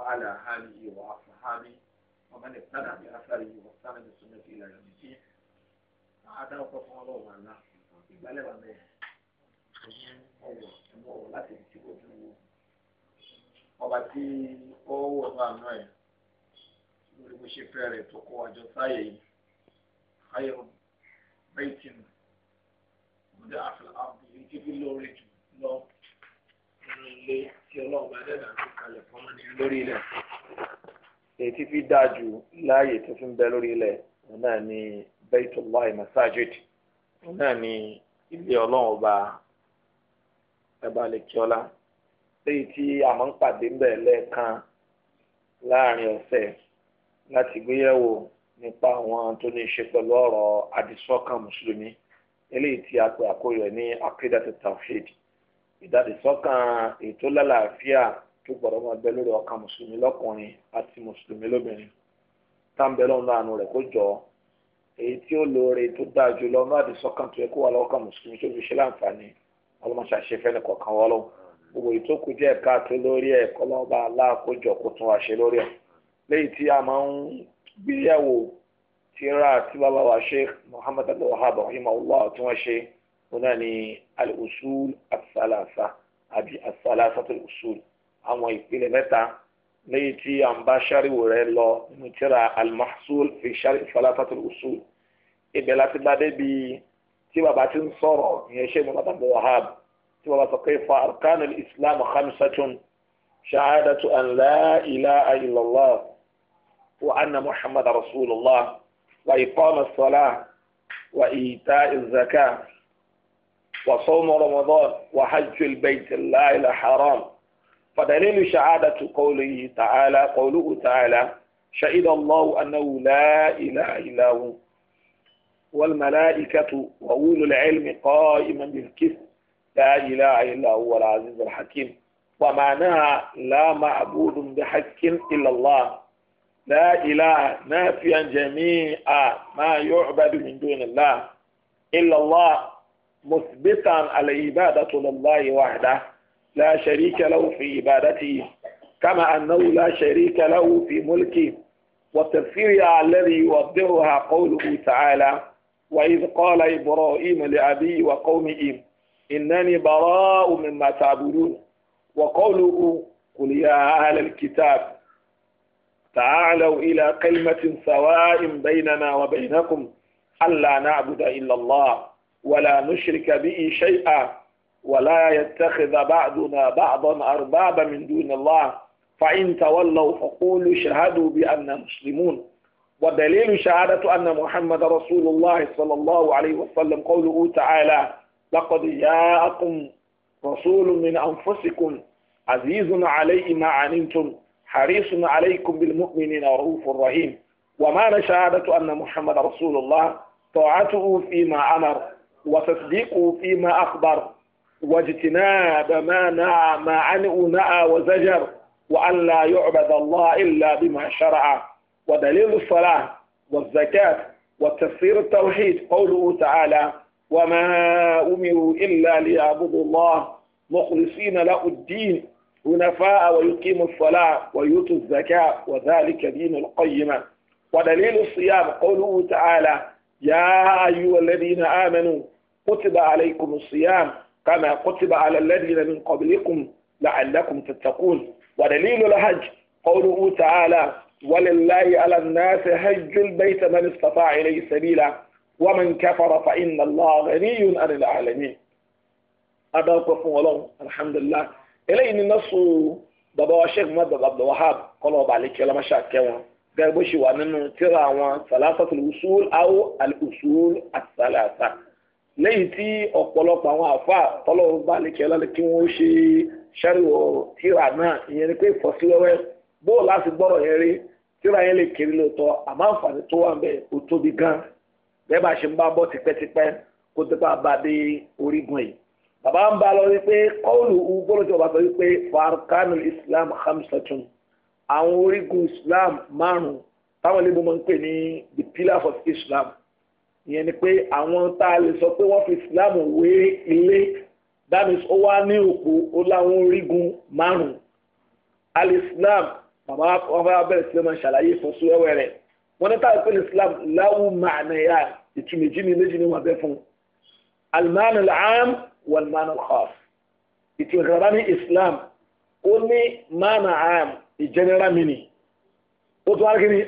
وعلى آله وأصحابه ومن ابتدى بأثره واستنى بسنته إلى يوم الدين àádá ọkọ̀ fún ọlọ́run àná ìgbàlẹ̀ wà mẹ́rin ọwọ́ ẹ̀mọ́ ọ̀rọ̀ láti ibi tí kò tún wọ ọba tí ó wọ̀ ní àná ẹ̀ lórí bó ṣe fẹ́ rẹ̀ tó kọ́ àjọ sáyẹ̀ yìí ayọ̀ bẹ́ẹ̀tìn ọdẹ àfẹ́lẹ́ àbúrò títí lórí jù lọ nínú ilé. tí ọlọ́run bá dẹ́gbà tó kalẹ̀ fún ọmọ nìyẹn lórí ilẹ̀ fi dáa jù láàyè tó fi ń bẹ lórí ilẹ̀ náà ni Baitullahi masajid náà ni ilé ọlọ́run ọba ẹ̀bá léyìí tí a máa ń pàdé ń bẹ̀ lẹ́ẹ̀kan láàrin ọ̀sẹ̀ láti gbéyẹ̀wò nípa àwọn tó ní ṣe pẹ̀lú ọ̀rọ̀ àdìsọ́kàn mùsùlùmí eléyìí tí a pè ìdádìsọ́kàn ètò lálàáfíà tó gbọ́dọ̀ máa bẹ lórí ọkàn mùsùlùmí lọ́kùnrin àti mùsùlùmí lóbìnrin táǹbẹ̀ lọ́nà lánàá rẹ̀ kó jọ èyí tí ó lóore tó dáa jù lọ náà àdìsọ́kàn tó yẹ kó wà lọ́kàn mùsùlùmí tó fi ṣe láǹfààní ọlọ́mọṣà ṣe fẹ́ni kọ̀ọ̀kan wọ́ lọ́wọ́ gbogbo èyí tó kù díẹ̀ káàtó lórí ẹ̀ kọ́lọ́ba aláàkójọ kó tún wá ṣe lórí ẹ̀ lẹ́yìn tí a máa ń gbéyàwó tíra àti bàbá wa Sheikh Muhammad Abdul Wahab rahimahullah tí wọ́n ṣe wọn náà ní al-usul asalasa àbí asalasa tó usul àwọn ìpìlẹ̀ mẹ́ta lẹ́yìn tí à ń bá ṣáríwò rẹ̀ lọ nínú tíra al-mahsul fi ṣárí falasa tó usul ibẹ̀ láti bá débi tí bàbá ti ń sọ̀rọ̀ ìyẹn ṣe mọ́ bàbá wahab tí bàbá sọ pé fa arkanu islam khamsatun shahadatu an la ilaha illallah wa anna muhammad rasulullah wa iqama salah wa ita'i zakah وصوم رمضان وحج البيت الله الحرام فدليل شهادة قوله تعالى قوله تعالى شهد الله أنه لا إله إلا هو والملائكة وأولو العلم قائما بالكفر لا إله إلا هو العزيز الحكيم ومعناها لا معبود بحق إلا الله لا إله نافيا جميع ما يعبد من دون الله إلا الله مثبتا العبادة لله وحده لا شريك له في عبادته كما أنه لا شريك له في ملكه وتفسيرها الذي يوضحها قوله تعالى وإذ قال إبراهيم لأبي وقومه إنني براء مما تعبدون وقوله قل يا أهل الكتاب تعالوا إلى كلمة سواء بيننا وبينكم ألا نعبد إلا الله ولا نشرك به شيئا ولا يتخذ بعضنا بعضا أربابا من دون الله فإن تولوا فقولوا شهدوا بان مسلمون ودليل شهادة أن محمد رسول الله صلى الله عليه وسلم قوله تعالى لقد جاءكم رسول من أنفسكم عزيز عليه ما عنتم حريص عليكم بالمؤمنين رؤوف رحيم ومعنى شهادة أن محمد رسول الله طاعته فيما أمر وتصديقه فيما أخبر واجتناب ما نعى ما عنه نعى وزجر وأن لا يعبد الله إلا بما شرع ودليل الصلاة والزكاة وتفسير التوحيد قوله تعالى وما أمروا إلا ليعبدوا الله مخلصين له الدين حنفاء ويقيموا الصلاة ويؤتوا الزكاة وذلك دين القيمة ودليل الصيام قوله تعالى يا أيها الذين آمنوا كتب عليكم الصيام كما كتب على الذين من قبلكم لعلكم تتقون ودليل الحج قوله تعالى ولله على الناس حج البيت من استطاع إليه سبيلا ومن كفر فإن الله غني عن العالمين أدعوك فولون الحمد لله إليه نص بابا شيخ مدد عبد الوهاب قالوا بعليك يا ما شاء كيوان gẹ́gẹ́ bó ṣe wà nínú tíra àwọn salasatul usul aw al usul as-salasa lẹ́yìn tí ọ̀pọ̀lọpọ̀ àwọn àfa tọ́lọ́wọ́ bá lè kẹ́ lálẹ́ kí wọ́n ṣe ṣàríwọ̀ tíra náà ìyẹn ni pé ìfọ́síwẹ́wẹ́ bóò láti gbọ́rọ̀ yẹn rí tíra yẹn lè kiri lóòótọ́ àmọ́ àǹfààní tó wà ń ó tóbi gan bẹ́ẹ̀ bá ṣe ń bá bọ́ tipẹ́tipẹ́ kó tó bá bá dé orígun yìí bàbá ń bá lọ wípé kọ́ọ̀lù ugbọ́lódé sọ wípé farkanul islam khamsatun àwọn orígun Islam márùn táwọn ilé mọ́ ń pè ní the pillars of Islam ìyẹn ni pé àwọn tá a lè sọ pé wọ́n fi Islam wé ilé that means ó wá ní òpó ó láwọn orígun márùn al-Islam bàbá wọn bá bẹ̀rẹ̀ sí ọmọ ṣàlàyé ìfọ́sowẹ́wẹ́ rẹ̀ wọ́n ní táwọn ìpínlẹ̀ Islam láwù màánàyà ìtumọ̀ méjì ni méjì ni wọ́n bẹ́ fún un al-ma'na al-'am wal-ma'na ní Islam ó ní ma'na 'am general meaning ó tún wá kí ni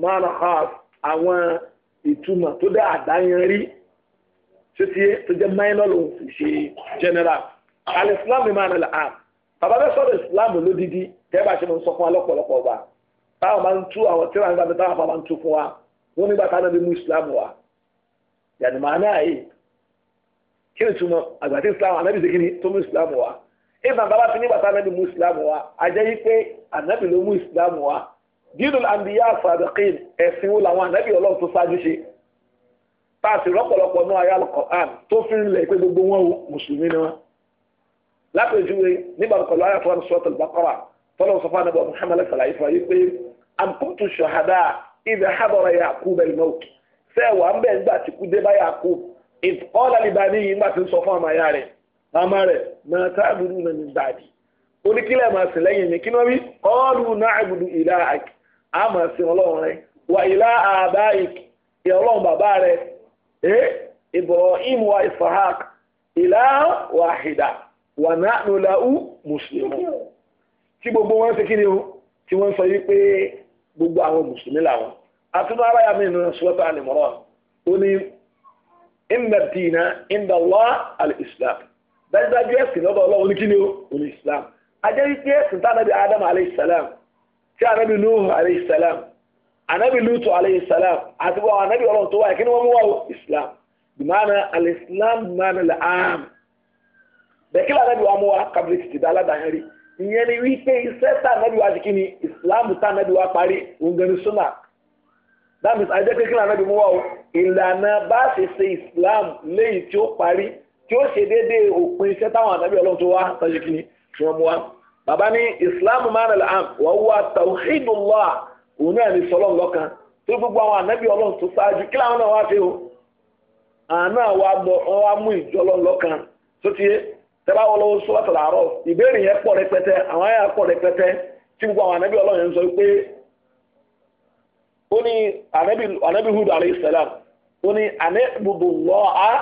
man has àwọn ìtumọ̀ tó dá àdáyanrí títí tó jẹ́ minor ló ń fi ṣe general al-islam ni man al-am bàbá bẹ́ẹ̀ sọ̀rọ̀ islam lódìdí tẹ́ẹ̀bà ṣe mo ń sọ fún wa lọ́pọ̀lọpọ̀ ọba táwọn máa ń tú àwọn tíra nígbà tí táwọn máa ń tú fún wa wọ́n nígbà táwọn náà bí mú islam wa yàtọ̀ màá náà yìí kí ni túmọ̀ àgbàtí islam ànábìsí kí ni tó mú islam wa ìbá bàbá fi nígbà táwọn ẹni mú islam wá àjẹ́ yí pé ànábì ló mú islam wá dínul anbiya sadiqin ẹ̀sìn wo làwọn ànábì ọlọ́run tó ṣáájú ṣe tá a sì rọ́pọ̀lọpọ̀ náà ayé al-Qur'an tó fi ń lẹ̀ pé gbogbo wọn mùsùlùmí ni wọn. lápèjúwe nígbà pẹ̀lú ayé àfọwọ́n suratul Baqara tọ́lọ́ sọ fún anábì Muhammad sàlàyé fún ayé pé am kuntum shuhada idha hadara Ya'qub àmà rẹ̀ náà táàbùdù na ní báàdì oníkílẹ̀ máa sì lẹ́yìn mi ni ila wí ọ́ọ́lù náà àbùdù ìlà àkì á máa sin ọlọ́run rẹ̀ wà ìlà àbá ìkì ìyá Ila Ibrahim wa Ishaq ìlà gbogbo wọn ṣe kí o sọ wípé gbogbo àwọn mùsùlùmí làwọn nínú sọ́tà ó ní àlìsílámù dájúdájú ẹ̀sìn lọ́dọ̀ ọlọ́run ní kíni o òní islam ajẹ́ wípé ẹ̀sìn tá ànábì adam aleyhisselam tí ànábì nuhu aleyhisselam ànábì lutu aleyhisselam àti wọn ànábì ọlọ́run tó wáyé kí ni wọ́n mú wá o islam bimana alislam mana la am bẹ́ẹ̀kí la ànábì wa mú wa kábíyèsí ti dá aládàáyán rí ìyẹn ni wípé iṣẹ́ tá ànábì wa ti ni islam tá ànábì wa parí òun gan ni sunna that means ajẹ́ pé kí mú wá o ìlànà bá ṣe ṣe islam léyìí tí ó parí tí ó ṣe déédéé òpin iṣẹ́ táwọn àtàbí ọlọ́run tó wá tọ́jú kí ni wọ́n mú wa. bàbá ní islam mara am wọ́n wá tawhidullah òun náà ní sọlọ́run lọ́kan tó gbogbo àwọn ànábì ọlọ́run tó ṣáájú kí làwọn náà wá fi o àná wa lọ wọn wá mú ìjọ ọlọ́run lọ́kan tó ti yé tẹ́lá wọ́n lọ́wọ́ sọ́wọ́tà làárọ̀ ìbéèrè yẹn pọ̀ rẹpẹtẹ àwọn ayé pọ̀ rẹpẹtẹ tí gbogbo àwọn ànábì ọlọ́run yẹn sọ pé ó ní ànábì Hud alayhi salam ó ní ànábì bùbù lọ́ọ́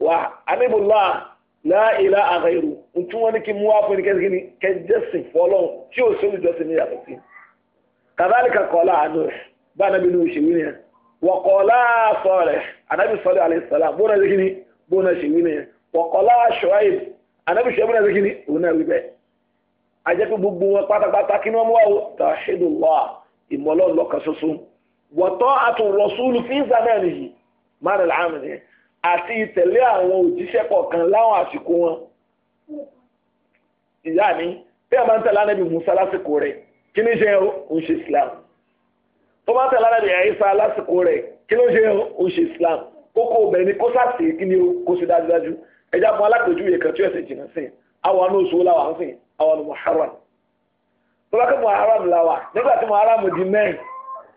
wa anibula la ila aghairu ntu wani ki muwa fún kẹsì kìíní kẹjẹsì fọlọ́n tí o sọ́ni jọ́sìn ní yàtọ̀ sí. kàdálíkà kọ́lá àánú rẹ̀ bá anabi ní oṣù wí nìyẹn wọ́n kọ́lá sọ rẹ̀ anabi sọ́lẹ̀ alayisala bóna ṣe kìíní bóna ṣe wí nìyẹn wọ́n kọ́lá ṣọ́ọ́yìn anabi ṣọ́ọ́yìn bóna ṣe kìíní òun náà wí bẹ́ẹ̀. ajẹ́ pé gbogbo wọn pátápátá kí ni wọ́n mú wa wo tàṣídùlọ́à ìmọ̀lọ́ àti ìtẹ̀lé àwọn òjíṣẹ́ kọ̀ọ̀kan láwọn àsìkò wọn. ìyá mi bí a bá ń tẹ̀lé anábì Musa lásìkò rẹ̀ kí ni ṣe ń ṣe Islam tó bá ń tẹ̀lé anábì Isa lásìkò rẹ̀ kí ló ṣe ń ṣe Islam kókó ọbẹ̀ ni kó sàṣì kí ni kó ṣe dájúdájú ẹja fún alápèjúwe kan tí ẹsẹ̀ jìnnà sí àwọn àna oṣù làwọn sìn àwọn àna Muharram tó bá kẹ́ Muharram làwà nígbà tí Muharram di mẹ́rin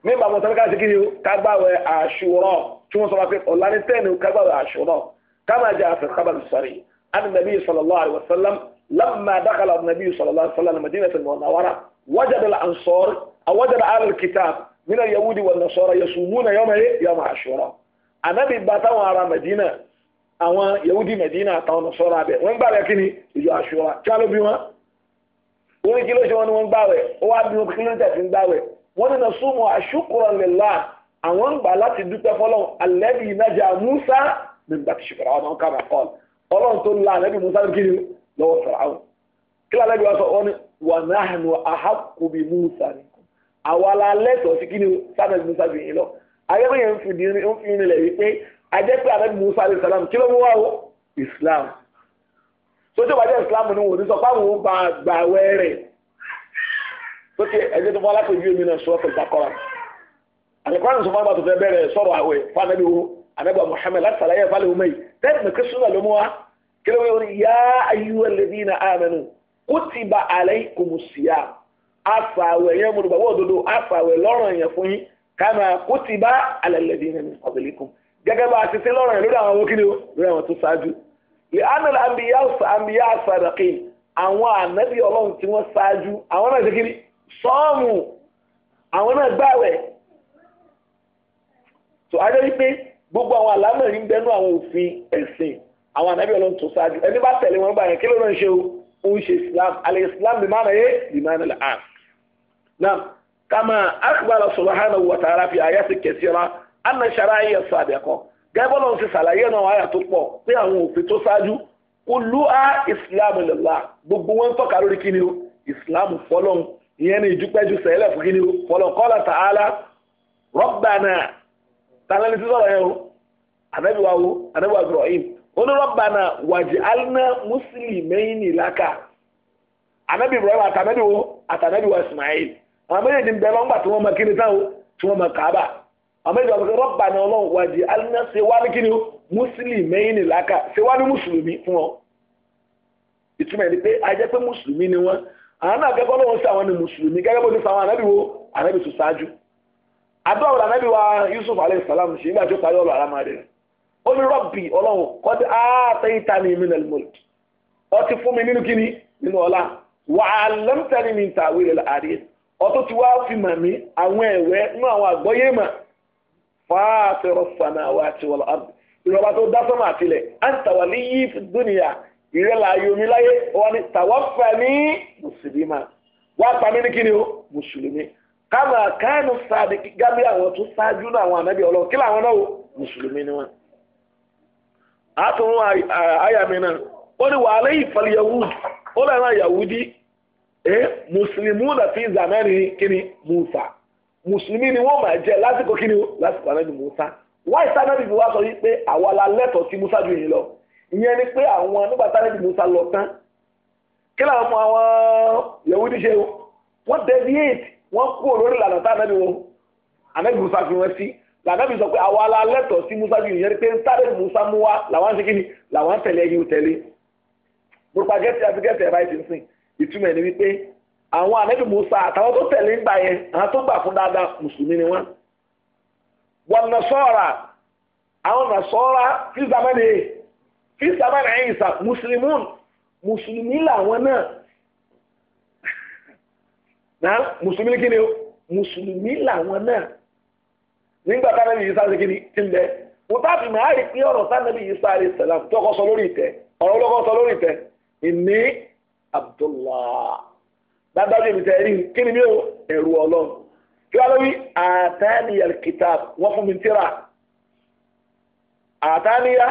nígbà wọn sọfẹ́ ká ṣe kíni kágbáwẹ̀ àṣùrọ̀ tí wọ́n sọ wá pé ọ̀la ní tẹ́ẹ̀nì kágbáwẹ̀ àṣùrọ̀ káma jẹ́ àfẹ́ kábàlù sọ̀rí àni nàbí sallallahu alaihi wasallam lamma dakala nàbí sallallahu alaihi wasallam madinata al-munawwara wajada al-ansar aw wajada ahla al-kitab min al-yahudi wan-nasara yasumuna yawma eh, yawma àṣùrọ̀ ànábì bá táwọn ará madina àwọn yahudi madina àtàwọn nasara abẹ wọn gbàgbẹ́ kíni ìjọ àṣùrọ̀ kí wọn ló bí wọn kí ló ṣe wọn ni wọn gbàwẹ̀ ó wá bí wọn kí ló ń tẹ̀sí gbàwẹ̀ wọ́n ní nasumu ashukran lillah àwọn ń gbà láti dúpẹ́ fọlọ́n alẹ́bí ìnájà musa nígbà tí ṣùgbọ́n àwọn kàmá kọ́ọ̀lù ọlọ́run tó la alẹ́bí musa kiri lọ́wọ́ fìràwọ̀ kí lálẹ́bí wa sọ ọ́ ní wa nahnu ahaqqu bi musa ni àwa la lẹ́tọ̀ọ́ sí kíni sábẹ́ musa bìí lọ ayẹ́bí yẹn ń fi ní ilẹ̀ wípé ajẹ́pẹ́ alẹ́bí musa alayhi salam kí ló mú wá o islam sójú wájú islam ni wọ́n ti sọ fáwọn gbàgbà wẹ́rẹ́ pé ẹjẹ tó fọ alákòjú omi náà sọ́ọ́ tẹ̀sán kọ́ra alukóra nìsọ fún abatọ̀ fẹ́ bẹ̀rẹ̀ sọ̀rọ̀ àwẹ̀ fún anabi wo anabi wa muhammed láti sàlàyé fún alẹ́ omeyi tẹ́lẹ̀ mi kí sunna ló mú wa kílẹ̀ wọ́n yóò yá ayúwa lẹ́bí na amẹ́nu kutiba alaykumu siyam afàwẹ̀ yẹn mo dùgbà wọ́n dodo afàwẹ̀ lọ́rọ̀ yẹn fún yín kama kutiba ala alladhina min qablikum gẹ́gẹ́ bá a ti ṣe lọ́rọ̀ yẹn lórí àwọn wókìlì lórí àwọn tó ṣáájú lè amẹ́lẹ̀ àmbíyá àmbíyá àsàdàkì àwọn ànábì ọlọ́run tí wọ́n ṣáájú àwọn náà ṣe kiri sọ́ọ̀mù àwọn náà gbàwẹ̀ tó adé wípé gbogbo àwọn àlámọ̀ rí ń bẹnu àwọn òfin ẹ̀sìn àwọn ànábì ọlọ́run tó ṣáájú ẹni bá tẹ̀lé wọn báyẹn kí ló náà ṣe o ń ṣe islam alẹ́ islam bí máa yé bí máa nílẹ̀ àn. nam kama akbala subhanahu wa ta'ala fi ayati kathira anna shara'iya sabiqa gẹ́gbọ́n náà ṣe ṣàlàyé náà àyà tó pọ̀ pé àwọn òfin tó ṣáájú kulluha islam lillah gbogbo wọn tọ́ka lórí kíni o islam fọlọ́n ìyẹn ni ìdúpẹ́jù sẹ́lẹ̀ fún kíni fọlọ́kọ́lá tààlà rọ́bànà tàlẹ́ni tí sọ̀rọ̀ yẹn o ànábì wa wo ànábì wa Ibrahim ó ní rọ́bànà wàjì alná mùsùlùmẹ́yìn nìláka ànábì Ibrahim àtànábì wo àtànábì wa Ismail àwọn méjèèjì ń bẹ lọ́ngbà tí wọ́n mọ kíni táwọn tí wọ́n mọ kàábà àwọn méjèèjì wọn ọlọ́run wàjì alná àwọn náà gẹ́gẹ́ bọ́lọ́wọ́ sí àwọn ní mùsùlùmí gẹ́gẹ́ bó ti sọ àwọn ànábì wo ànábì tó ṣáájú àdúrà wo ànábì wa Yusuf alayhi salam ṣe nígbà tó parí ọ̀rọ̀ àlámà rẹ̀ ó ní rọ́bì ọlọ́run kọ́dí àtẹ̀yìn ta ni mí nàlẹ́ mọ́lẹ̀ ọ ti fún mi nínú kíni nínú ọlá wà á lẹ́mtẹ́ ni mi ta wílẹ̀ àrí ọtún ti wá fi mà mí àwọn ẹ̀wẹ́ nú àwọn àgbọ́yé mà fàáfẹ́ rọ̀ sànà wà ìrẹ́là ayé omi láyé wọn ni tàwọ́fà ní mùsùlùmá wọ́n apá mi ní kí ni o mùsùlùmí kámà káànù sáàdì gíga bí àwọn tó ṣáájú náà àwọn ànábì ọlọ́run kí làwọn náà o mùsùlùmí ni wọn. àtúnwò àyàmì náà ó ní wàhálà ìfọ̀lì yahud ó lẹ́nu yahudi ẹ mùsùlùmí náà fi zamani kí ni musa mùsùlùmí ni wọ́n máa jẹ lásìkò kí ni o lásìkò ànábì musa wáyé sáà ìyẹn ni pé àwọn nígbà tá lẹ́bi musa lọ tán kí làwọn ọmọ àwọn yahudi ṣe wọ́n deviate wọ́n kú olórí lànà tá ànábì wọn ànábì musa fi wọn sí lànàbì sọ pé àwa la lẹ́tọ̀ọ́ sí musa ju ìyẹn ni pé ń tá lẹ́bi musa mú wa làwọn ń ṣe kí ni làwọn ń tẹ̀lé ẹyin tẹ̀lé gbogbo àgẹ́tì àti gẹ́tì ẹ̀rọ àìsàn sìn ìtumọ̀ ẹ̀ ni wípé àwọn ànábì musa àtàwọn tó tẹ̀lé ń gbà yẹn àwọn tó gbà fún dáadáa mùsùlùmí ni wọ́n. wọ́n nà sọ́ọ̀rà àwọn nà sọ́ọ̀rà fíìsì ìsàbára ìsà mùsùlùmún mùsùlùmí làwọn náà náà mùsùlùmí kí ni o mùsùlùmí làwọn náà nígbà táwọn ẹbí yìí sáré kí ni ilẹ̀ mo bá fi máa rí pé ọ̀rọ̀ sanabi yìí sáré sàlám tọkọ sọ lórí ìtẹ́ ọ̀rọ̀ lọ́kọ sọ lórí ìtẹ́ ìní abdullah dábàá mi tẹ́ ẹ̀rí kí mi ò ẹ̀rù ọlọ́run kí àtàníyà kìtàb wọ́n fún mi tíra àtàníyà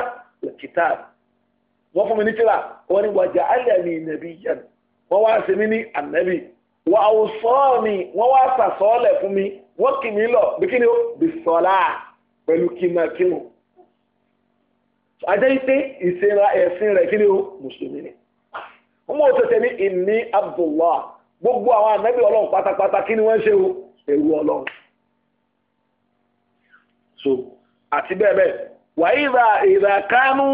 kìtàb wọ́n fún mi ní tíra wọ́n ní wàjà alẹ́ni nàbí yẹn wọ́n wá sí mi ní ànábì wà àwòsàn mi wọ́n wá sàsọ́ọ̀lẹ̀ fún mi wọ́n kì mí lọ bí kí ni ó bí sọ́lá pẹ̀lú kìnnàkìnnù ajẹ́ pé ìsinra ẹ̀sìn rẹ̀ kí ni ó mùsùlùmí ni wọ́n mọ̀ tẹ̀tẹ̀ ní ìní abdullah gbogbo àwọn ànábì ọlọ́run pátápátá kí ni wọ́n ṣe o ẹ̀rù ọlọ́run so àti bẹ́ẹ̀ bẹ́ẹ̀ wàá ìrà ìrà kánú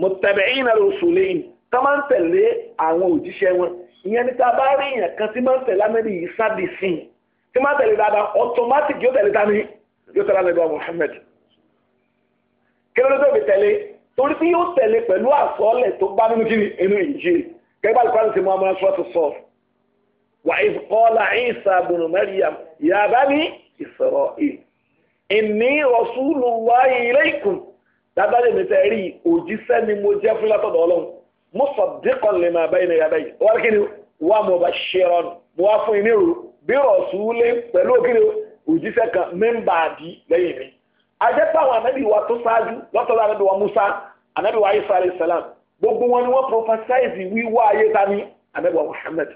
mọ̀tẹ̀bẹ̀yìn rùsùlẹ̀yìn tó máa ń tẹ̀lé àwọn òjíṣẹ́ wọn ìyẹn ní tá a bá rí èèyàn kan tí máa ń tẹ̀lé amẹ́rì yìí sábì sí i tí máa ń tẹ̀lé dáadáa automatic yóò tẹ̀lé tani yóò tẹ̀lé alẹ́ bá Muhammad kí ló dé tó fi tẹ̀lé torí tí yóò tẹ̀lé pẹ̀lú àsọ̀ọ́lẹ̀ tó bá nínú kíni inú Injil kẹgbà lùkọ́ àti sèmú amúra sọ́ọ̀tù sọ́ọ̀ dáadáa lè mi sẹ́ rí òjíṣẹ́ ni mo jẹ́ fún látọ̀dọ̀ ọlọ́run mo sọ díkọ̀ lè máa bẹ́yìn náà bẹ́yìn wọ́n rí kíni wà mo bá ṣe mo wá fún inú ìrù bí rọ̀ṣúlé pẹ̀lú òkìrì òjíṣẹ́ kan mẹ́mbà àdí lẹ́yìn wa tó ṣáájú anábì wa Musa anábì wa Isa alayhi salam gbogbo wọn ni wọ́n prophesize wíwá ayé anábì wa Muhammad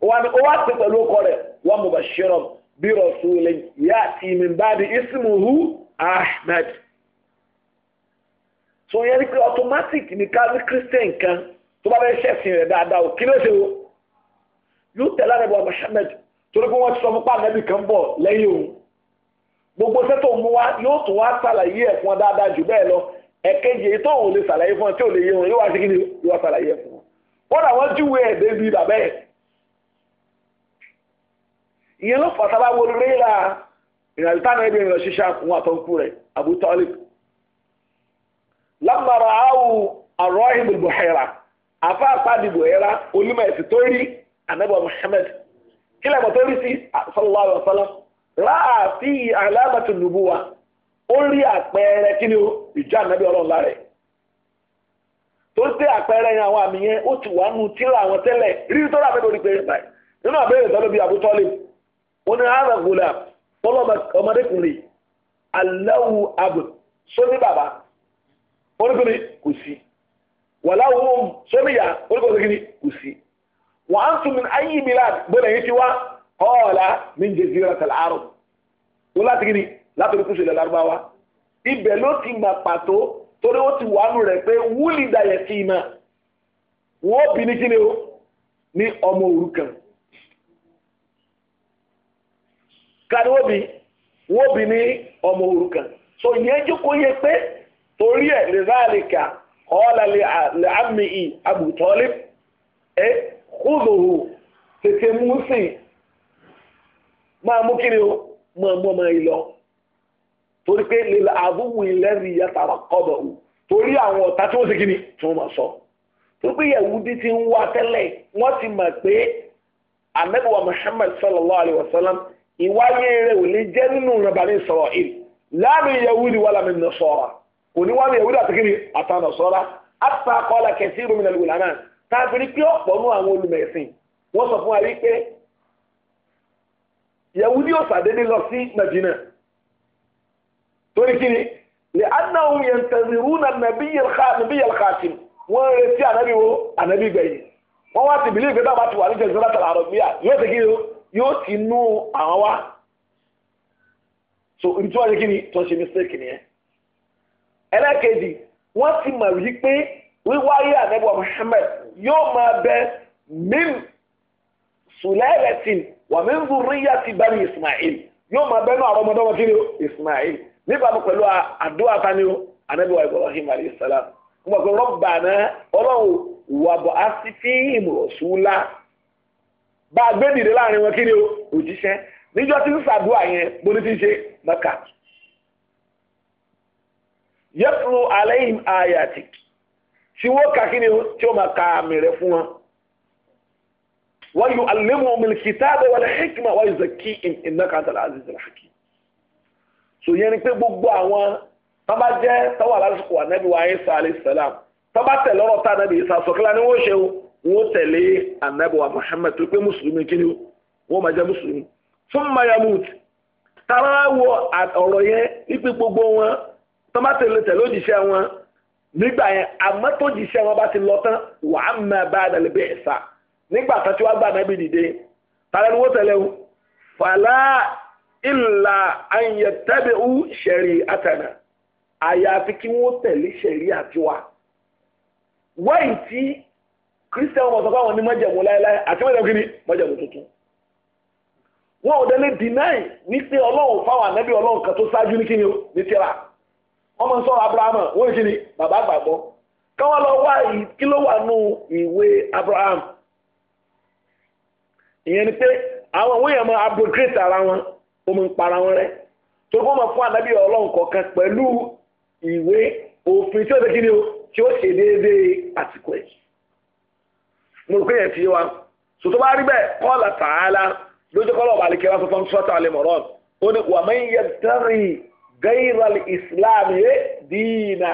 wá sí pẹ̀lú ọkọ wà mo bá bí Ahmed. so yẹn ni pé automatic ni ká ní christian kan tó bá bẹ́ẹ̀ ṣẹ̀sìn rẹ̀ dáadáa o kí ló ṣe o yóò tẹ̀lé àrẹ̀bọ̀ Muhammad torí pé wọ́n ti sọ fún pa ànábì kan bọ̀ lẹ́yìn òun gbogbo sẹ́tò mú wa yóò tún wá ṣàlàyé ẹ̀ fún wọn dáadáa jù bẹ́ẹ̀ lọ ẹ̀kejì èyí tó òun lè ṣàlàyé fún ọ tí ò lè yé wọn yóò wá sí kí ni yóò wá ṣàlàyé fún wọn kódà wọ́n júwe ẹ̀ débi bàbá ẹ̀ ìyẹn ló fà sábà wọlé rẹ́là ìrìnàjò táwọn ẹbí rẹ̀ ṣiṣẹ́ àkùnwó àtọ́kù rẹ̀ Abu Talib lámàrà áwù àrọ́ ìbò bùhẹ́ra àfa àpáàdì bùhẹ́ra olúmọ̀ ẹ̀sìn tó rí anábọ̀ Muhammad kílẹ̀ mọ̀ tó rí sí sallallahu alaihi wasallam ráà sí àlámàtì nùbúwa ó rí àpẹẹrẹ kí ni ó ìjọ ànábì ọlọ́run lára ẹ̀ tó ń tẹ àpẹẹrẹ yẹn àwọn àmì yẹn ó ti wà nù tíra àwọn tẹ́lẹ̀ rírí tó rà bẹ́ẹ̀ lórí pé báyìí nínú àbẹ́rẹ́ ìtọ́lóbi àbútọ́lé wọn ni àrà gòlà ọlọ́mọdékùnrin aláwù abù sóní bàbá orúkọ ni kò sí wàlá wọn sọ́nìyà orúkọ ni kìíní kò sí wọn á tún mi ayé mi láti gbọ́dọ̀ yìí ti wá ọ̀ọ́lá mi ń jẹ zira tẹ̀lé àárọ̀ wọn láti kìíní láti orí kùsùlẹ̀ lárúbáwá ibẹ̀ ló ti gbà pàtó torí ó ti wà nù rẹ̀ pé wúlì dàyẹ̀ sí i náà wọ́n bí ní kíni o ní ọmọ òrukàn kàdé wọ́n bí wọ́n bí ní ọmọ so ìyẹn jókòó yẹ pé torí ẹ̀ lẹ́zàlìkà ọ̀ọ́lá lẹ́àmì ì abùtọ́lé ẹ̀ kúlòhù tètè mú sí máa mú kiri o máa mú ọmọ yìí lọ torí pé lílà àbúwò ìlẹ́rìí yàtàrà kọ́bọ̀ o torí àwọn ọ̀tá tí wọ́n ti kíni tí wọ́n máa sọ torí pé Yahudi ti ń wá tẹ́lẹ̀ wọ́n ti mọ̀ pé anabiwa Muhammad sallallahu alayhi wa sallam ìwáyé rẹ̀ ò lè jẹ́ nínú rabanin Isra'il láàrin Yahudi wàlámi Nasara kò ní wá ní ẹ̀wúrẹ́ àti kíni àtàwọn ọ̀sọ́ra àtà kọ́lá kẹsí ìròmìnà lùwìlà náà káàkiri pé ọ̀pọ̀ nú àwọn olùmẹ̀sìn wọ́n sọ fún wa rí pé yẹ̀wúdí ò sàdédé lọ sí Madina torí kíni lè anáwó yẹn tẹ̀síwú na nàbí yẹn xaatim wọ́n retí ànábì wo ànábì gbẹ̀yìn wọ́n wá ti bìlíì gbẹ́dá bá ti wà ní jẹ̀síwá tàlà àrọ̀bíyà yóò ti kíni yóò ti nú àwọn wa so ìtura yẹ kíni tó ń ṣe mistake nìyẹn. ẹlẹ́kejì wọ́n ti mọ̀ wípé wíwáyé ànábọ̀ Muhammad yóò máa bẹ min sùlẹ́ẹ̀lẹ́tìn wà min zurriyati bani Ismail yóò máa bari náà kiri Ismail níbàámu pẹ̀lú àdúrà tani o ànábì Ibrahim alayhi salam wọ́n gbàgbọ́ Rabbana ọlọ́run wà bọ̀ á sí fíìmù rasula bá a gbé dìde láàrin wọn kiri o òjíṣẹ́ níjọ́ tí ń sàdúrà yẹn ní ti yatlu alayhim ayatik tí wọ́n kà kí ni tí wọ́n máa ka àmì rẹ̀ fún wọn. wa yu'allimuhum al-kitaba wal hikma wa yuzakkihim innaka antal azizul hakim. sò yẹn ni pé gbogbo àwọn tọ́ba jẹ́ tọ́wọ́ alásùkò ànábì wa Isa alayhi salam tọ́ba tẹ̀lé tá ànábì Isa sọ̀kìlá ni wọ́n ṣe wọ́n tẹ̀lé ànábì wa Muhammad tó pé mùsùlùmí kí ni wọ́n máa jẹ́ mùsùlùmí. thumma yamut tààrà wọ ọ̀rọ̀ yẹn ipe gbogbo wọn tọ́mátì lè tẹ̀lé òjíṣẹ́ wọn nígbà yẹn àmọ́ tó jíṣẹ́ wọn bá ti lọ tán wàá máa bá àdàlẹ́ bẹ́ẹ̀ sà nígbà tó ti wá gbà náà bí dìde tàlẹ́ ni wọ́n tẹ̀lé o fàlà ìlà àyẹ̀tẹ́bẹ̀ ú ṣẹ̀rì àtànà àyàfi kí wọ́n tẹ̀lé ṣẹ̀rì àtiwá wáyìí tí kristian wọn sọ fáwọn ní májẹ̀mú láéláé àti májẹ̀mú kí ni májẹ̀mú tuntun wọn ò dẹ́lẹ̀ deny ní pé ọlọ́run fáwọn ànábì ọlọ́run kan tó ṣáájú ní kí ni ó ní tíra ọmọ sọ̀rọ̀ abrahamu wọ́n ní kí ni bàbá àgbàgbọ́ káwọn lọ wá kí ló wà nù ìwé abrahamu ìyẹn ni pé àwọn òwe yẹn mọ abrogate ara wọn ó mọ ń para wọn rẹ tó kó mọ fún ànábì ọlọ́run kọ̀ọ̀kan pẹ̀lú ìwé òfin tí ó ṣe kí ni o tí ó ṣe déédéé àsìkò ẹ̀ mo rò pé yẹn ti yé wa sòtò bá rí bẹ́ẹ̀ kọ́ọ̀lá tààlà lójú kọ́lọ̀ ọ̀bàlẹ̀kẹ́ wá fún fún sọ́tà àlẹ́ mọ̀rọ́ọ̀nù ó ní wàmẹ́yẹ tẹ́rì gairal islam ye diina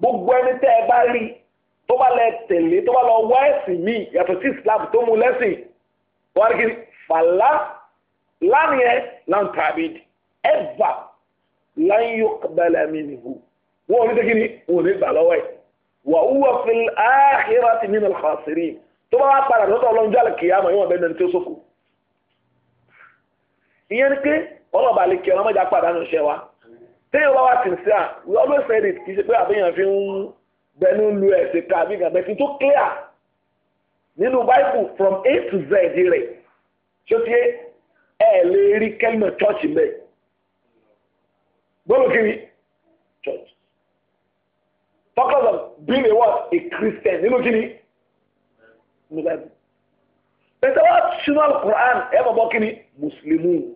gbogbo ẹni tẹ ẹ bá rí tó bá lẹ tẹ̀lé tó bá lọ wá ẹ̀sìn míì yàtọ̀ sí islam tó mú lẹ́sìn wọn kiri fàlà lánìyẹn lantàbíd ẹvà lányó bẹlẹ mi nìbù wọn ò ní tẹkiri wọn ò ní gbà lọ́wọ́ ẹ wà wúwo fil akhirati min al khasirin tó bá wà padà lọ́tọ̀ ọlọ́njọ́ àlùkìyàmọ̀ yóò wọn bẹ́ẹ̀ nà ní tó sóko ìyẹn ni pé ọlọ́ba lè kí ọlọ́mọdé apàdánù iṣẹ́ wa téèyàn bá wà sí sí à we always said it kì í ṣe pé àbíyàn fi ń bẹnu lu ẹ̀sìn ká àbí gàgbẹ́ fi tó clear nínú bible from a to z rẹ̀ ṣó ti ẹ lè rí kẹ́lìmọ̀ chọ́ọ̀chì bẹ́ẹ̀ gbọ́dọ̀ kiri church talkers of being a what a Christian nínú kiri nínú bible pẹ̀sẹ̀ wá ṣùgbọ́n Quran ẹ̀ bọ̀ bọ́ kiri mùsùlùmí.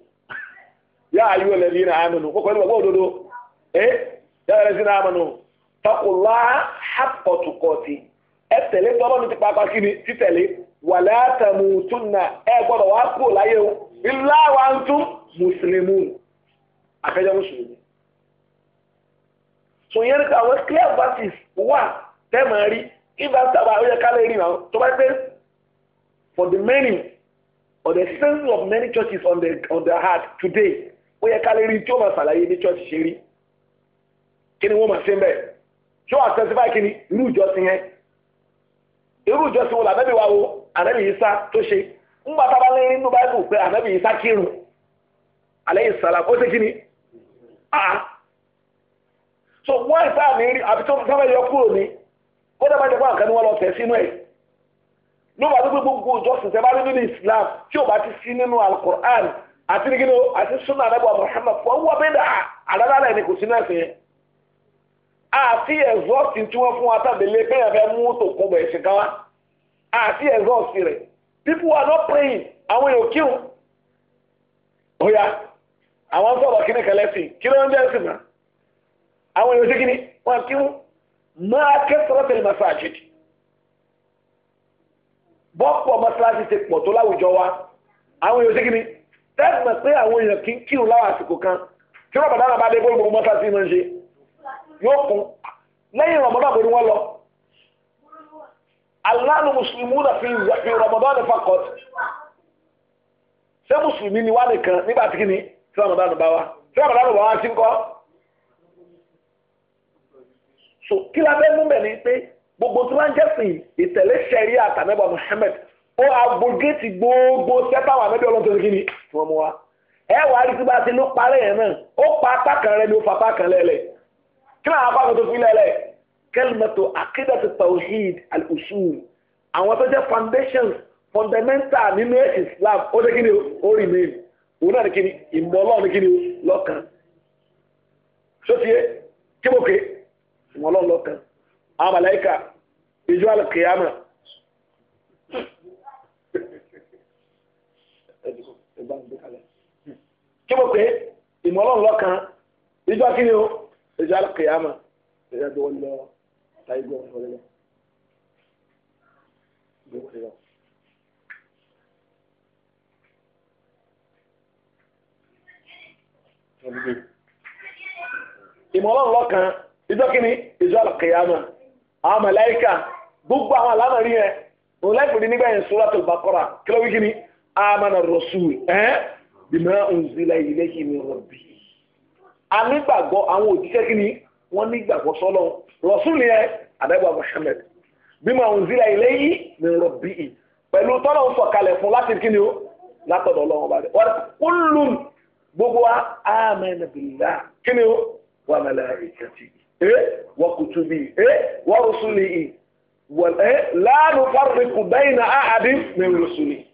yá ayé ọlẹ́bí náà àmì nù kókò ní wọ́n òdodo ẹ́ yá ọlẹ́bí náà àmì nù takùlá hapọ̀tukọ̀tì ẹ tẹ̀lé tọ́lọ́ ní ti pàápàá kí ni títẹ̀lé wàlẹ́ àtàmùtúnà ẹ o clear verses wa for the many or the sense of many churches on the heart today ó yẹ ká tí ó máa ṣàlàyé bí church ṣe rí kí ni wọ́n máa ṣe ń bẹ̀ ṣé wàá irú ìjọsìn yẹn irú ìjọsìn wo làbẹ́bí wa wo ànábì tó ṣe ńgbà tá a nínú báyìí pé ànábì kírun a so wọ́n ìsá mi rí àbí tó fẹ́ yọ kúrò lọ tẹ̀ sínú ẹ̀ gbogbo ìjọsìn Islam àti nìkí ni o àti sunna alábọ̀ Muhammad fún ọwọ́ bẹ́ẹ̀ dà àdádálẹ̀ ni kò sí náà fẹ́ àti exhaust tí wọ́n fún wa tábìlẹ̀ kẹ́yà fẹ́ mú tó kún bẹ̀ ṣe káwá àti exhaust rẹ̀ people are not praying àwọn èèyàn kírun bóyá àwọn sọ̀rọ̀ kí ni kẹlẹ́ sí kí ló ń jẹ́ sí náà àwọn èèyàn ṣe kí ni wọ́n kírun máa kẹ́sọ̀rọ̀ tẹ̀lé masajid bọ́pọ̀ masalasi ti pọ̀ tó láwùjọ wa àwọn èèyàn ṣe kí ni tẹ́sí mọ̀ pé àwọn èèyàn kì í kírun láwọn àsìkò kan tí wọ́n bàbá náà bá dé bóyá gbogbo mọ́tà sí máa ń ṣe yóò kún lẹ́yìn rọmọdán kò ní wọ́n lọ. aláàánú mùsùlùmí náà fi rọmọdán ní fakọt ṣé mùsùlùmí ni wá nìkan nígbà tí kìíní tí rọmọdán bá wá tí rọmọdán bá wá sí ń kọ́. so kí la fẹ́ mú bẹ̀ ni pé gbogbo tí wọ́n ń jẹ́sìn ìtẹ̀lé ṣẹ̀ríà ó agbógéètì gbogbo sẹ́tàwà mẹ́bí ọlọ́run tó ti kí ni tí wọ́n mú wa ẹ wàá rí síbi àti inú parẹ́ yẹn náà ó pa apá kan rẹ ni ó fa apá kan lẹ́lẹ̀ kí náà apá kan tó fi lẹ́lẹ̀ kẹ́lìmọ́tò akédàtì tawhid al-usul àwọn tó jẹ́ foundations fundamental nínú Islam ó dé kí ni ó rí mi òun náà ní kí ni ìmọ̀ ọlọ́run ní kí ni lọ́kàn sọ́sìyẹ kí mo ké ìmọ̀ ọlọ́run lọ́kàn àwọn màláíkà ìjọ àlùkìyàmà ẹ̀dùn ẹ̀gbá ìgbé kalẹ̀. kí mo pè é ìmọ̀ ọlọ́run lọ́kan ìjọ kí ni o ìjọ alákèyàmà ìjọ tó wọlé lọ táyé gbé wọn wọlé lọ. gbé wọlé lọ. ìmọ̀ ọlọ́run lọ́kan ìjọ kí ni ìjọ alákèyàmà àwọn màláíkà gbogbo àwọn àlámọ̀rí yẹn òun láìpẹ́ nígbà yẹn Suratul Baqara kí ló wí kí ni amana rasul ẹ́ eh? bima unzila ilayhi min rabbi. a nígbàgbọ́ àwọn òjíṣẹ́ kí ni wọ́n nígbàgbọ́ sọ́lọ́ rasul yẹn adébọ̀ Muhammad bima unzila ilayhi min rabbi yìí pẹ̀lú tọ́lọ̀ ń sọ̀kalẹ̀ fún láti kí ni ó látọ̀dọ̀ ọlọ́run bá gbogbo wa amana billah kí ni ó wa Wakutubi, eh? wa kutubihi eh? wa rusulihi láàánú fárikù bẹ́yìn náà àhàdín min rusuli.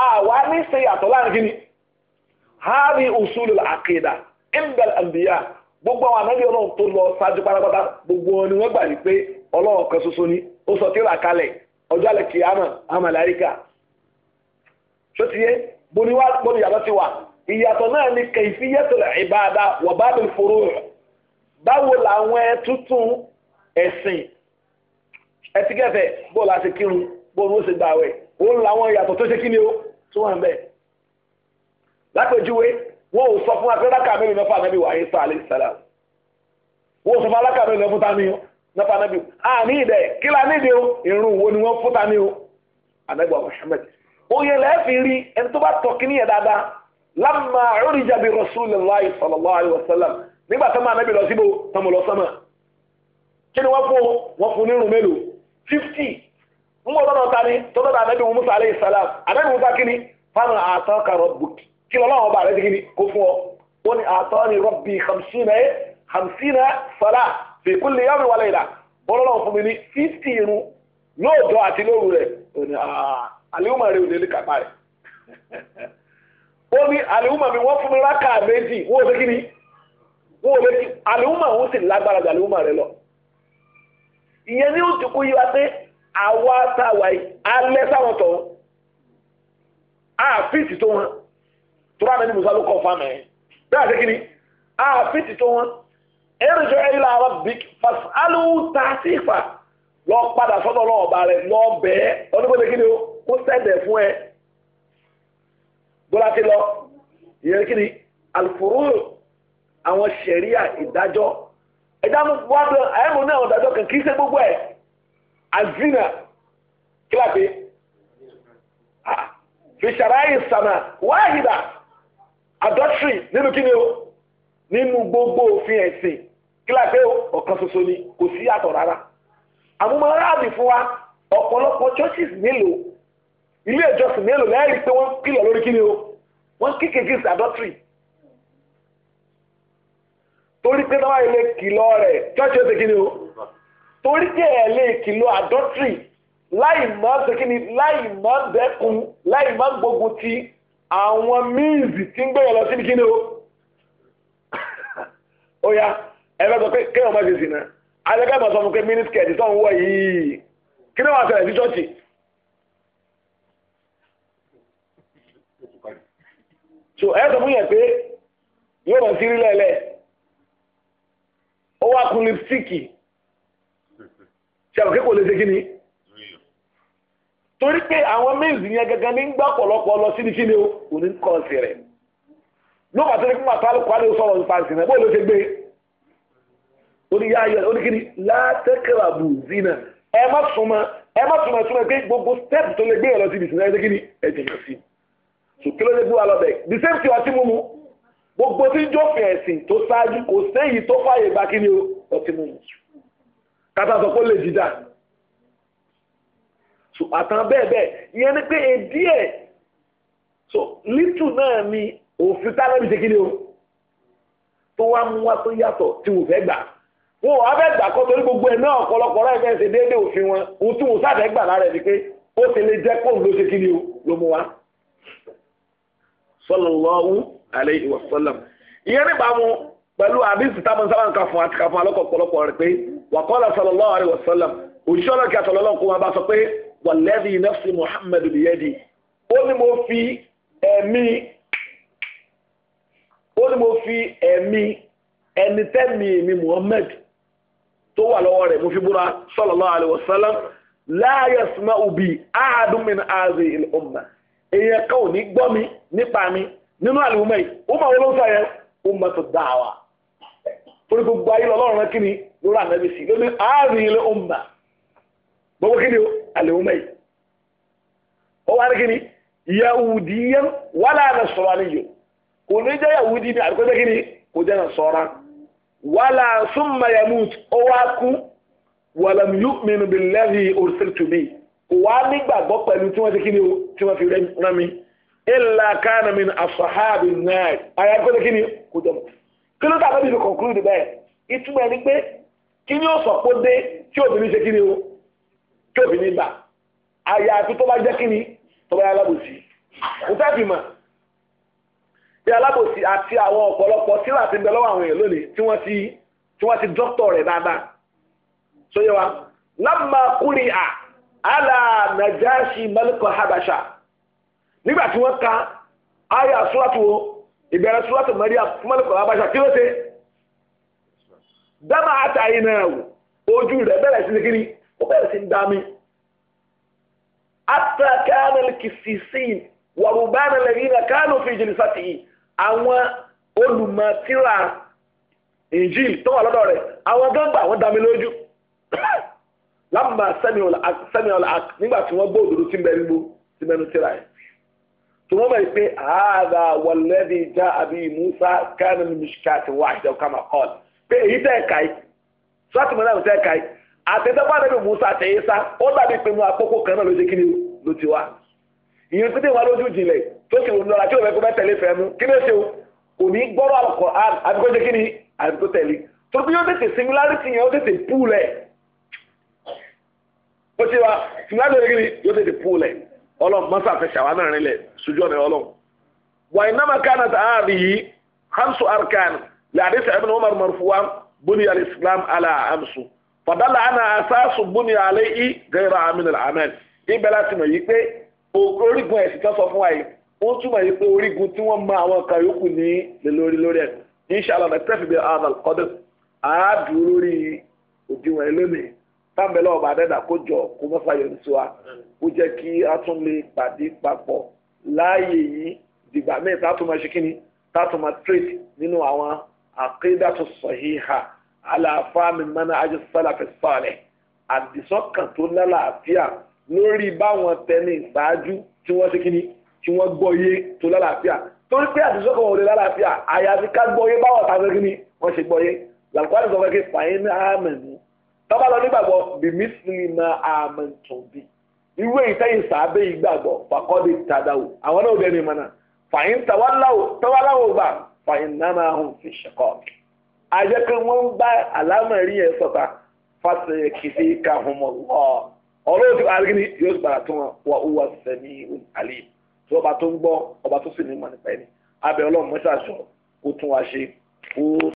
awa ah, n'i se yàtọ̀ láàrin kí ni hàbí usul àkèdà indal gbogbo àwọn ànábì ọlọ́run tó lọ ṣáájú gbogbo ni wọ́n gbà wípé ọlọ́run kan ṣoṣo ni ó sọ tírà kalẹ̀ ọjọ́ àlẹ́ kìámà àmàlàríkà ti yé bóni wá bóni yàtọ̀ ti wà ìyàtọ̀ náà ni ibada wa babil furu' báwo làwọn ẹtútùn ẹ̀sìn bó la tó wà ń bẹ̀. lápèjúwe wọn ò sọ fún akẹ́lákà mẹ́rin náà fún anábì wa ayé sàlẹ̀ sàlẹ̀ wọn ò sọ fún alákà mẹ́rin náà fún tani o náà fún anábì a ní ìdẹ̀ kí la ní ìdẹ̀ o ìrun wo ni wọ́n fún tani o anábì wa Muhammad oyè lẹ́ẹ̀fì rí ẹni tó bá tọ̀ kí ni yẹn dáadáa lámà urija bi Rasulillahi sallallahu alaihi wasallam nígbà tó máa nábì lọ síbo tọmọ kí ni wọ́n fún wọn fún nírun mélòó fifty ń wọ́n lọ́dọ̀ ta ni tọ́lọ́dọ̀ anabi musa aleyhi salam anabi musa kini fáwọn àtọ́ ka rọ́bù kí lọ́lọ́run ọba rẹ ti kini kó fún ọ ó ní àtọ́ ni rọ́bì hamsina yẹ hamsina sọlá fi kulli yawmi wa layla bọ́lọ́lọ́ fún mi ní fífì irun lóòjọ́ àti lóru rẹ̀ ó ní ah, àlẹ́wọ̀mọ̀ rẹ̀ ò lè kápá rẹ̀ ó ní àlẹ́wọ̀mọ̀ mi wọ́n fún mi rákà méjì wọ́n ò lè kini wọ́n ò lè kí àlẹ́wọ̀mọ̀ òun sì lágbára jù àlẹ́wọ̀mọ̀ rẹ̀ lọ ìyẹn ni ó ti kú yí wa pé àwa táwa yìí alẹ́ sáwọn tọ̀ àfíìsì tó wọn tó bá mẹ́ni musa ló kọ́ fáàmì ẹ̀ bẹ́ẹ̀ àti kìíní àfíìsì tó wọn èròjọ ẹ̀yìn làwọn bíi fasalu tàṣífà lọ padà sọ́dọ̀ lọ́ọ̀bà rẹ̀ lọ́ọ̀bẹ̀ẹ́ ọdún kìíní o kó sẹ́dẹ̀ fún ẹ bọ́lá ti lọ ìyẹn kìíní alufuru àwọn ṣẹ̀ríà ìdájọ́ ẹ̀dá mú wá bẹ́ẹ̀ ẹ̀rù náà ìdájọ́ kan kì í ṣe gbogbo ẹ̀ azina kila fi fi ṣàráyè sàmà wáhìdà adultery nínú kí ni o nínú gbogbo òfin ẹ̀sìn kila fi ọ̀kan ni kò sí yàtọ̀ rárá àmúmọ́ aráàlú fún wa ọ̀pọ̀lọpọ̀ churches mélòó ilé ìjọsìn mélòó lẹ́yìn pé wọ́n lórí o wọ́n adultery torí pé náà ilé kìlọ̀ rẹ̀ church kí o. torí pé ẹ̀ lè kìlọ̀ adultery láì má ṣe kí ni láì má dẹ́kun láì má gbógun ti àwọn míìsì tí ń gbẹ̀yẹ̀ lọ síbi kí ni o. ó yá ẹ bá sọ pé kéèyàn má ṣe sì náà alẹ́gbẹ́ máa sọ fún pé mínísì kẹ̀ẹ́dì tó wọ̀ yìí kí ni wàá ṣẹlẹ̀ sí ṣọ́ọ̀ṣì. so ẹ sọ fún yẹn pé yóò rán sí rí lẹ́lẹ́ ó wá kun lipstíìkì ṣàwọn kékòó lè ṣe kí ni torí pé àwọn méjì yẹn gangan ní gbà pọ̀lọpọ̀ lọ sí ni kí ni o kò ní kọ́ sí rẹ̀ ló bàtà ní kúmà sálù kwalẹ̀ ó sọ̀rọ̀ nípa ìsìn náà bó ló ṣe gbé oníyáyọ oníkiri látẹ́kẹ̀rà bù zina ẹ má súnmọ́ ẹ má súnmọ́ súnmọ́ pé gbogbo step tó lè gbé yẹn lọ sí ìsìn ẹ ṣe kí ni ẹ jìnnà sí so kí ló lè gbé wa the same thing ọtí mímu gbogbo tí ń jófin ẹ̀sìn tó ṣáájú kò ni o kátà sọ pé ó lè dídà so àtàn bẹ́ẹ̀ bẹ́ẹ̀ ìyẹn ni pé èdí ẹ̀ so lítù náà ni òfin tálẹ́bì ṣe kí ni o tó wá mú wá tó yàtọ̀ tí wò fẹ́ gbà wọn ò wá fẹ́ gbà kọ́ torí gbogbo ẹ̀ náà ọ̀pọ̀lọpọ̀ rẹ̀ fẹ́ ṣe déédéé òfin wọn ohun tí wọn sáfẹ́ gbà lára ẹ̀ ni pé ó ti lè jẹ́ pọ̀ ló ṣe o ló mú wá. sallallahu alayhi wa sallam ìyẹn níbàámu pẹ̀lú àdìsí táwọn sábà ń ka fún àti ka fún alọ́kọ̀ pọ̀lọpọ̀ rẹ̀ pé wàkọ́lá sallallahu alaihi wasallam òṣìṣẹ́ ọlọ́kì àtọ̀lọ́lọ́ kó wọn bá sọ pé walladhi nafsi Muhammadu biyadi ó ní mo fi ẹ̀mí ó ní mo fi ẹ̀mí ẹni tẹ́mi mi Muhammad tó wà lọ́wọ́ rẹ̀ mo fi búra sallallahu alaihi wasallam la yasma'u bi ahadun min hadhihi al-umma èèyàn kan ò ní gbọ́ mi nípa mi nínú àlùmọ́ yìí ó mà wọ́n ló ń sọ yẹn ummatu da'wa torí gbogbo ayé lọ́lọ́run rán kíni lórí ànábì sí lórí àárín ilé ọmọ gbogbo kíni o àlè ọmọ yìí ó wá ní kíni yahudi yẹn wàlá nasọ̀rọ̀ àníyàn kò ní jẹ́ yahudi ni àbíkọ́ jẹ́ kíni kò jẹ́ nasọ̀rọ̀ wàlá summa yamut ó wá kú wàlám yu'minu billahi ursiltu bi kò wá nígbàgbọ́ pẹ̀lú tí wọ́n ti kíni o tí wọ́n fi rán mi illa kana min náà àyàkọ́ jẹ́ kíni kò jẹ́ mọ́ kí ló dàbẹ́ bíbi conclude bẹ́ẹ̀ ìtumọ̀ ẹni pé kí ni ó sọ pé dé tí obìnrin ṣe kí ni o tí obìnrin gbà àyà àti tó bá jẹ́ kí ni tó bá yà alábòsí mo fẹ́ fi mọ̀ bí alábòsí àti àwọn ọ̀pọ̀lọpọ̀ tí láti bẹ lọ́wọ́ àwọn èèyàn lónìí tí wọ́n ti tí rẹ̀ dáadáa sóyè wa lámà kúrì à àlà nàjáṣì mẹ́lẹ́kọ̀ habasha nígbà tí wọ́n ka àyà sùràtù ìbẹ̀rẹ̀ súrọ́tù Maria, mọ́lẹ́kọ̀ọ́ abáṣà kí ló Dama dámà àtàyè náà ojú rẹ̀ bẹ̀rẹ̀ sí kiri ó dami. Ata dámi àtàkánà kìsìsì wàrúbánà lẹ́yìn náà kánò fi ìjìnlẹ̀ sátìyì àwọn olùmọ̀tíra Injil tó wà lọ́dọ̀ rẹ̀ àwọn gángbà wọ́n dámi lójú lámà sẹ́mi ak. nígbà tí wọ́n gbọ́ òdòdó tí mẹ́rin mú tí mẹ́rin tíra yẹn tí wọ́n bẹ̀rẹ̀ pé ààrà wọlẹ́bí já àbí musa kánà mishkati wahida kama kọ́ọ̀lù pé èyí tẹ́ ẹ̀ka yìí sọ́ọ̀tì mọ́nà ló tẹ́ ẹ̀ka yìí àtẹ̀tẹ́fà nàbí musa àti Isa ó dàbí pinnu àkókò kan náà ló ṣe kíni ló ti wá ìyẹn tó dé wà lójú jìnlẹ̀ tó sì wò lọ́la tí òun ẹ̀kọ́ bẹ́ẹ̀ tẹ̀lé fẹ́ mú kí ló ṣe o kò ní gbọ́rọ̀ Al-Qur'an àbíkó ṣe kíni àbíkó tẹ̀lé torí bí yóò tètè singularity yẹn ó tètè púùlẹ̀ ó ṣe wa singularity yóò tètè púùlẹ̀ ọlọ́run mọ́sá fẹ́ ṣàwọn náà rinlẹ̀ sójú ọ̀nà ọlọ́run. wà iná máa kánà tá a rí yìí hamsu arkan láàdé sàbẹ̀ ní umar marfuwa buni al islam ala hamsu fàdálà àná asáàsù buni alẹ́ i gẹ́rọ amínà amẹ́n ibẹ̀ láti mọ̀ yìí pé orígun ẹ̀sìn tó sọ fún wa yìí wọ́n túmọ̀ yìí pé orígun tí wọ́n mọ àwọn kan yòókù ní lórí lórí ẹ̀ inṣàlá nàìjíríà fi bí adal kọ́dọ̀ àádùn lórí òdiwọ̀n ẹ̀ sáàmìlẹ̀ ọba àdẹ́dà kó jọ kó mọ́fà yọ̀ sí wa kó jẹ́ kí a tún lè pàdé papọ̀ láàyè yìí dìgbà míì tátùmọ̀ ṣe kíni tátùmọ̀ trade nínú àwọn àkéédàtú sọ̀híhà aláfáàmì mọ́nà ajé sálàfẹ́ sọ̀rẹ̀ àdìsọ́kàn tó lálàáfíà lórí báwọn tẹni ìṣáájú tí wọ́n ṣe kíni tí wọ́n gbọ́ yé tó lálàáfíà torí pé àdìsọ́kàn wọn ò lálàáfíà àyàfi ká gbọ́ yé báwọn tàbí kíni wọ́n ṣe gbọ́ yé làkúrò àdìsọ́kàn tọ́ba lọ nígbàgbọ́ bìmí sinmi máa àmì tún bí irú èyí tẹ́yìn sàábẹ́ yìí gbàgbọ́ fàkọ́dé tàdá o àwọn náà bẹ́ẹ̀ ni mọ́nà fàyín tọ́wáláwò gbà fàyín nàmà hùn fi ṣẹ̀kọ́ ajẹ́ pé wọ́n ń bá àlámọ̀rí yẹn sọ̀tà fásitì kìsì ká hùn mọ́ ọ́ ọlọ́ọ̀tì àrígbìn yóò gbàrà tó wọn wà ó wà sẹ́mi àlè tí ọba tó ń gbọ́ ọba tó sì ní mọ̀ nípa ẹni abẹ́ ọlọ́run mọ́ṣáṣọ́ kó tún wá ṣe